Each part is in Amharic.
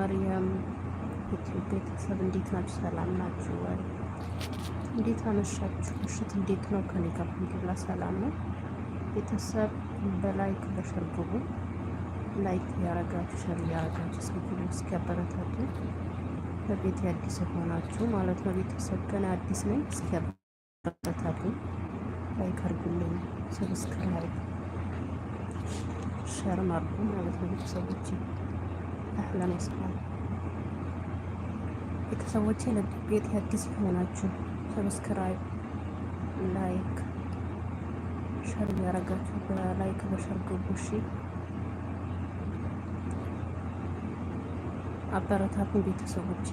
መርያም ቤተሰብ እንዴት ናችሁ? ሰላም ናችሁ ወይ? እንዴት አመሻችሁ? ምሽት እንዴት ነው? ከኔ ጋር ሁላ ሰላም ነው። ቤተሰብ በላይክ በሸር ላይክ ያረጋችሁ ሸር ያረጋችሁ እስኪ ቪዲዮ እስኪ ያበረታቱ። በቤት አዲስ ሆናችሁ ማለት ነው ቤተሰብ ገና አዲስ ነኝ። እስኪ ያበረታቱ፣ ላይክ አርጉልኝ፣ ሰብስክራይብ ሸርም አርጉ ማለት ነው ቤተሰቦች አህለን ወሰህለን ቤተሰቦቼ። ለዚህ አዲስ የሆናችሁ ሰብስክራይብ፣ ላይክ፣ ሸር እያደረጋችሁ በላይክ በሸር ግቡ እሺ። አበረታቱን ቤተሰቦቼ።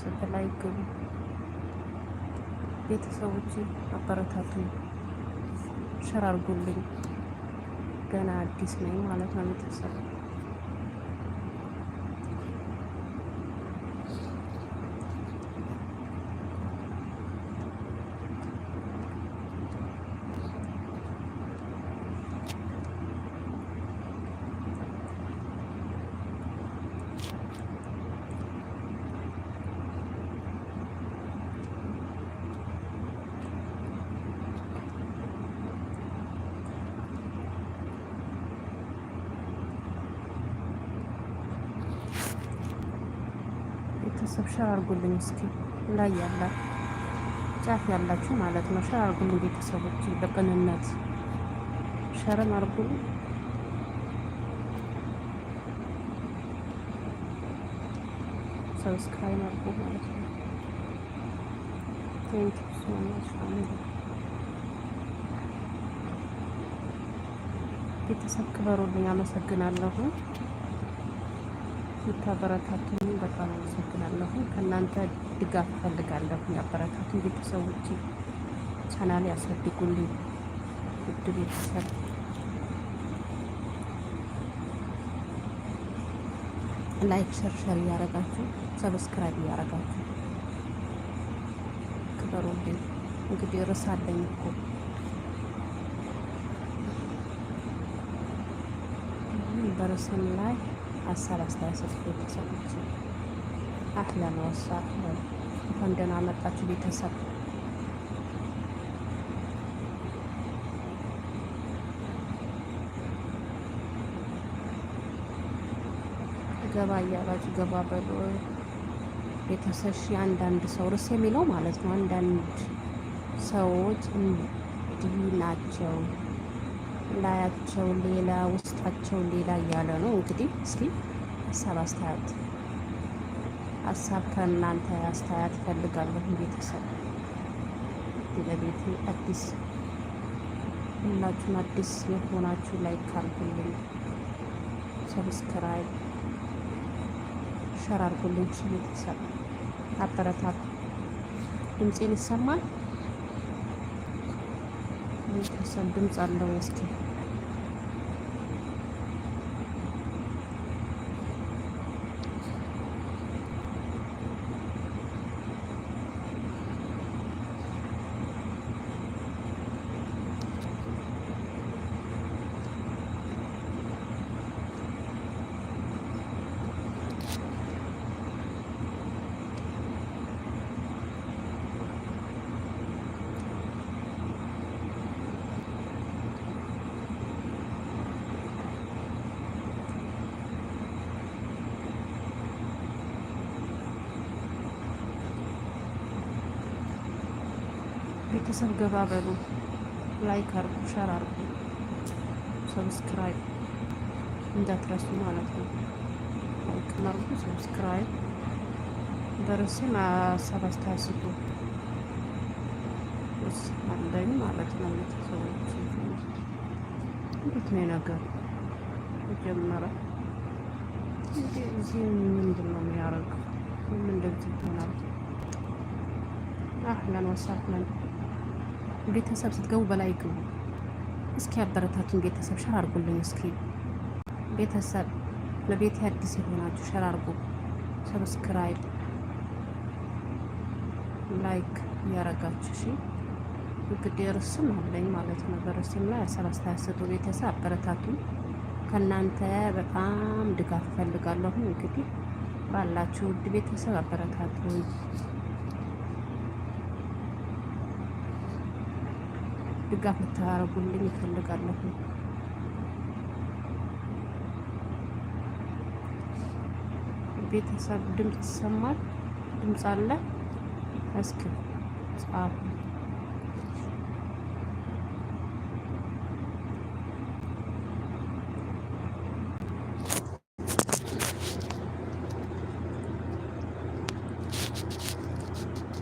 ስንት ላይ ይገኙ። ቤተሰቦች አበረታቱኝ፣ ሸር አድርጉልኝ። ገና አዲስ ነኝ ማለት ነው ቤተሰብ ቤተሰብ ሸር አድርጉልኝ እስኪ ላይ ያላችሁ ጫፍ ያላችሁ ማለት ነው። ሸር አድርጉልኝ ቤተሰቦች፣ በቅንነት ሸርም አድርጉልኝ። ሰብስክራይብ አድርጉ ማለት ነው። ቤተሰብ ክበሩልኝ። አመሰግናለሁ። የምታበረታቱኝ በጣም አመሰግናለሁ። ከእናንተ ድጋፍ ፈልጋለሁ። የአበረታቱኝ ቤተሰቦች ቻናል ያሳድጉልኝ። ውድ ቤተሰብ ላይክ፣ ሸርሸር እያረጋችሁ ሰብስክራይብ እያረጋችሁ ክበሩልኝ። እንግዲህ ርዕስ አለኝ እኮ በርዕስም ላይ ሀሳብ አስተያየት ቤተሰቦች አህለን ወሳ እንኳን ደህና መጣችሁ ቤተሰብ። ገባ እያላችሁ ገባ በሉ ቤተሰብ። እሺ አንዳንድ ሰው ርስ የሚለው ማለት ነው። አንዳንድ ሰዎች እንዲህ ናቸው። ላያቸው ሌላ ውስጣቸው ሌላ እያለ ነው። እንግዲህ እስኪ ሀሳብ አስተያየት ሀሳብ ከእናንተ አስተያየት እፈልጋለሁ። ቤተሰብ ለቤት አዲስ ሁላችሁም አዲስ የሆናችሁ ላይክ አድርጉልኝ፣ ሰብስክራይብ ሸር አድርጉልኝ። ቤተሰብ አበረታት። ድምፄን ይሰማል። ሰን ድምፅ አለው እስኪ ቤተሰብ ገባ በሉ፣ ላይክ አርጉ፣ ሸር አርጉ፣ ሰብስክራይብ እንዳትረሱ ማለት ነው። ላይክ አርጉ፣ ሰብስክራይብ በርሱን ሀሳብ ስ አለኝ ማለት ነው። ቤተሰቦች እንዴት ነው ነገር ጀመረ እዚህ ምንድን ነው የሚያደርገው? ምን እንደዚህ ይሆናል? አህለን ወሳህለን ቤተሰብ ስትገቡ በላይ ግቡ። እስኪ አበረታቱን ቤተሰብ ሸር አድርጉልኝ። እስኪ ቤተሰብ ለቤት አዲስ የሆናችሁ ሸር አድርጉ፣ ሰብስክራይብ፣ ላይክ እያረጋችሁ እሺ። እንግዲህ ርስም አለኝ ማለት ነው። በርስም ላይ ሀሳብ አስተያየት ስጡ። ቤተሰብ አበረታቱን። ከእናንተ በጣም ድጋፍ እፈልጋለሁ። እንግዲህ ባላችሁ ውድ ቤተሰብ አበረታቱን። ድጋፍ ልታረጉልኝ ይፈልጋለሁ። ቤተሰብ ድምፅ ይሰማል? ድምፅ አለ? እስኪ ጻፉ።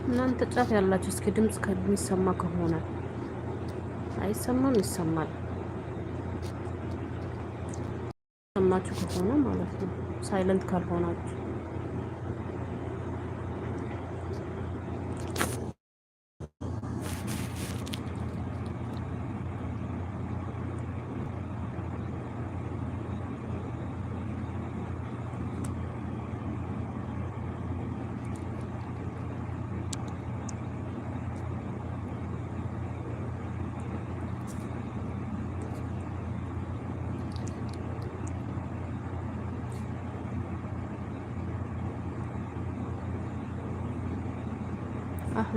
እናንተ ጫፍ ያላችሁ እስኪ ድምፅ ከሚሰማ ከሆነ አይሰማም ይሰማል። ሰማችሁ ከሆነ ማለት ነው ሳይለንት ካልሆናችሁ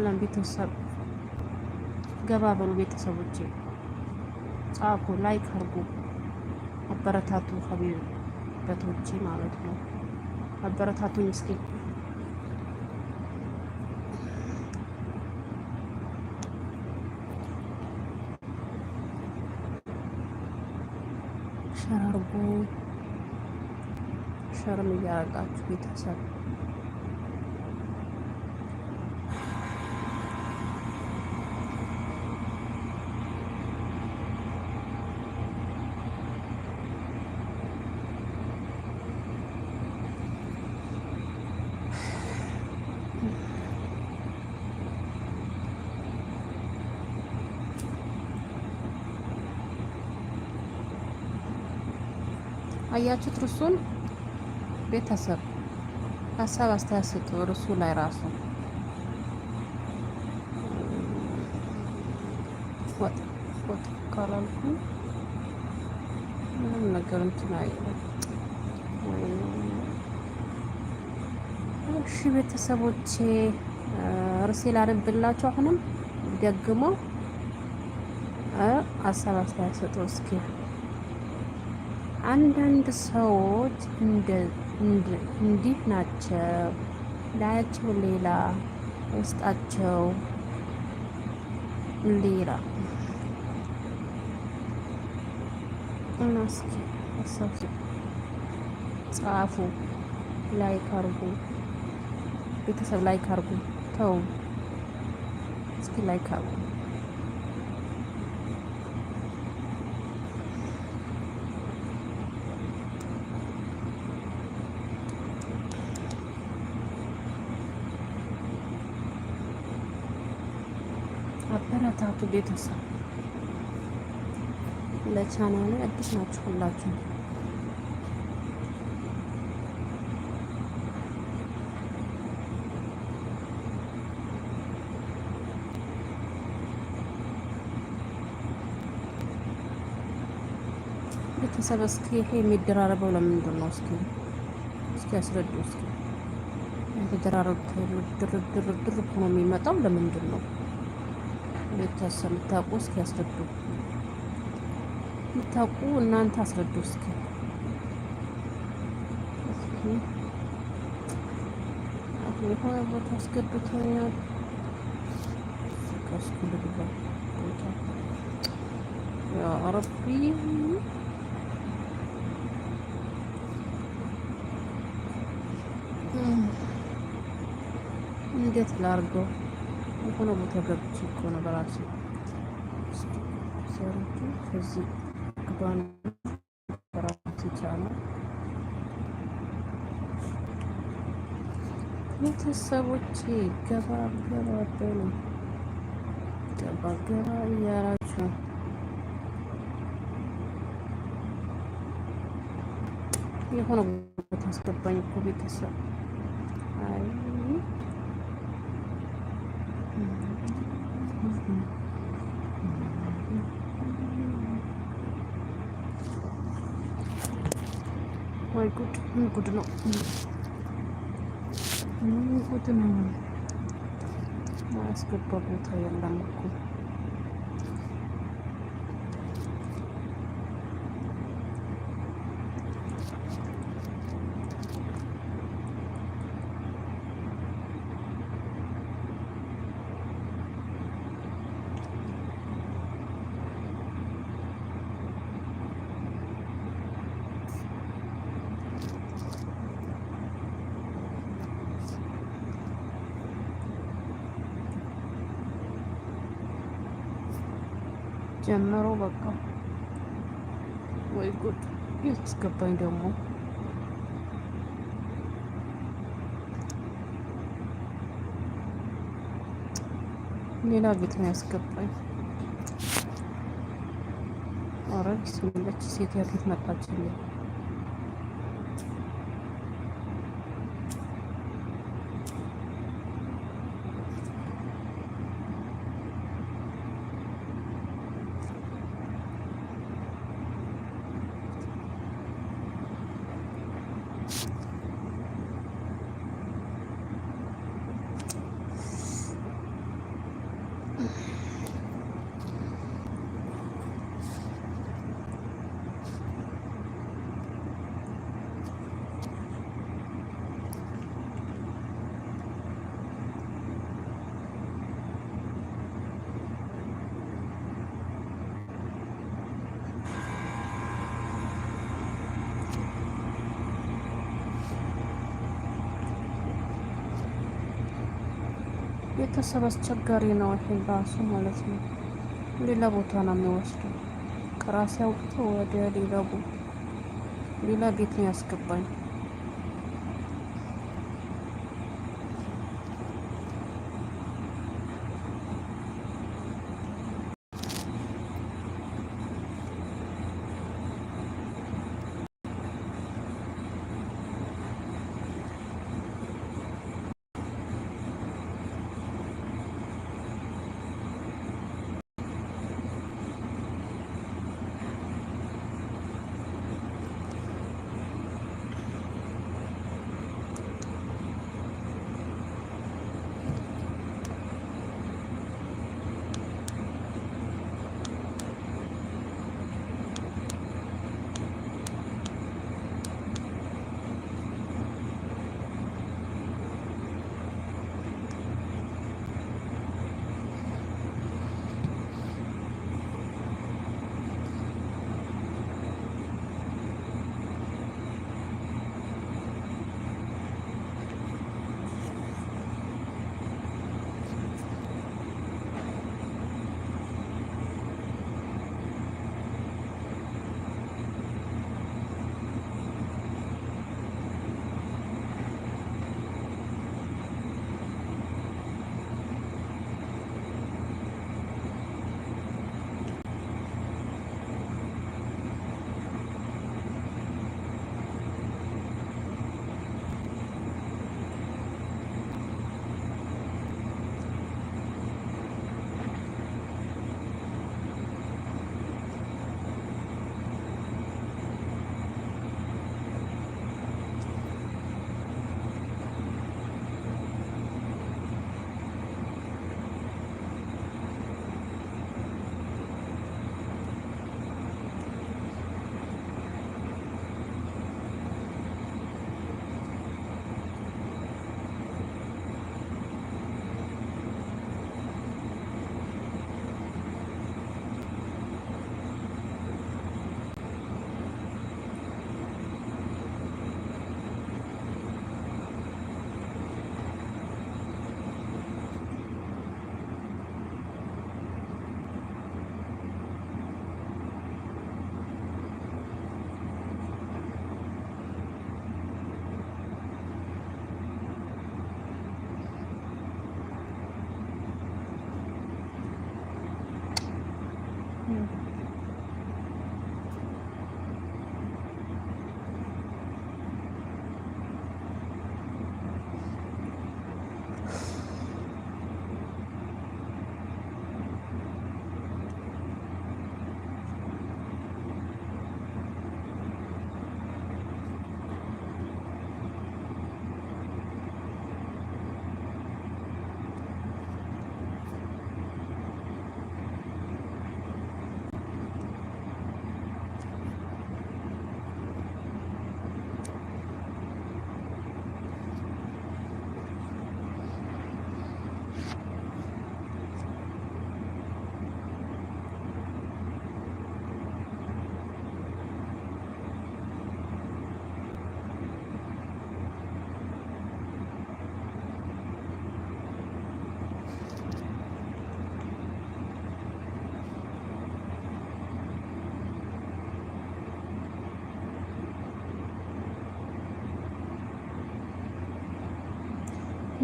ሁላም ቤተሰብ ገባ በሉ ቤተሰቦች፣ ጻፉ፣ ላይክ አርጉ፣ አበረታቱ ከቢሩ በቶቼ ማለት ነው። አበረታቱኝ እስኪ ሸር አድርጉ፣ ሸርም እያረጋችሁ ቤተሰብ አያችሁት? እርሱን ቤተሰብ ሀሳብ አስተያየት ስጡ። ላይ ራሱ ወጥ ካላልኩ ምንም ነገር እንትን አይልም። እሺ ቤተሰቦቼ ላነብላችሁ አሁንም ደግሞ ሀሳብ አስተያየት ስጡ እስኪ አንዳንድ ሰዎች እንዲህ ናቸው፣ ላያቸው ሌላ፣ ውስጣቸው ሌላ እናስኪ ሰፊ ጻፉ ላይ ካርጉ ቤተሰብ ላይ ካርጉ ተው እስኪ ላይ ካርጉ ውድ ቤተሰብ ለቻናሉ አዲስ ናችሁ ሁላችሁ ቤተሰብ እስኪ ይሄ የሚደራረበው ለምንድን ነው? እስኪ እስኪ አስረዱ። እስኪ የተደራረቡ ድርብ ድርብ ድርብ ሆኖ የሚመጣው ለምንድን ነው? የታሰብ የምታውቁ እስኪ ያስረዱ። የምታውቁ እናንተ አስረዱ እስኪ። የሆነ ቦታ አስገብቶኛል። እስኪ ቦታ ያ እንዴት ላርገው? የሆነ ቦታ ገብቼ እኮ ነው በራሴ ሰርቱ ከዚህ ግባን በራሴ ቻለ ቤተሰቦቼ ገባ ገባ በሉ ገባ ገባ እያራችሁ ነው። የሆነ ቦታ አስገባኝ እኮ ቤተሰብ አይ ወይ ጉድ! ምን ጉድ ነው? ምን ጉድ ነው? ማስገባ ቦታ የለም እኮ ጀምሮ በቃ ወይ ጉድ ያስገባኝ ደግሞ ሌላ ቤት ነው ያስገባኝ። ኧረ ቢስሚላች ሴት ያሉት መጣችልኝ። ቤተሰብ አስቸጋሪ ነው። ይሄ ራሱ ማለት ነው ሌላ ቦታ ነው የሚወስደው። ከራሴ አውጥቶ ወደ ሌላ ቦታ ሌላ ቤት ነው ያስገባኝ።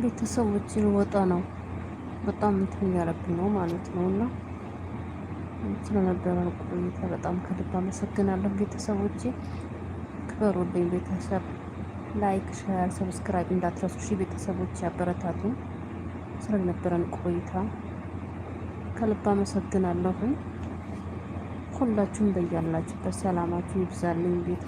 ቤተሰቦች ወጣ ነው በጣም እንትን እያለብን ነው ማለት ነው። እና ስለነበረን ቆይታ በጣም ከልብ አመሰግናለሁ ቤተሰቦቼ። ክበሩልኝ ቤተሰብ። ላይክ፣ ሸር፣ ሰብስክራይብ እንዳትረሱ ሺ ቤተሰቦች ያበረታቱ። ስለነበረን ቆይታ ከልብ አመሰግናለሁ። ሁላችሁም በያላችሁበት ሰላማችሁ ይብዛልኝ ቤት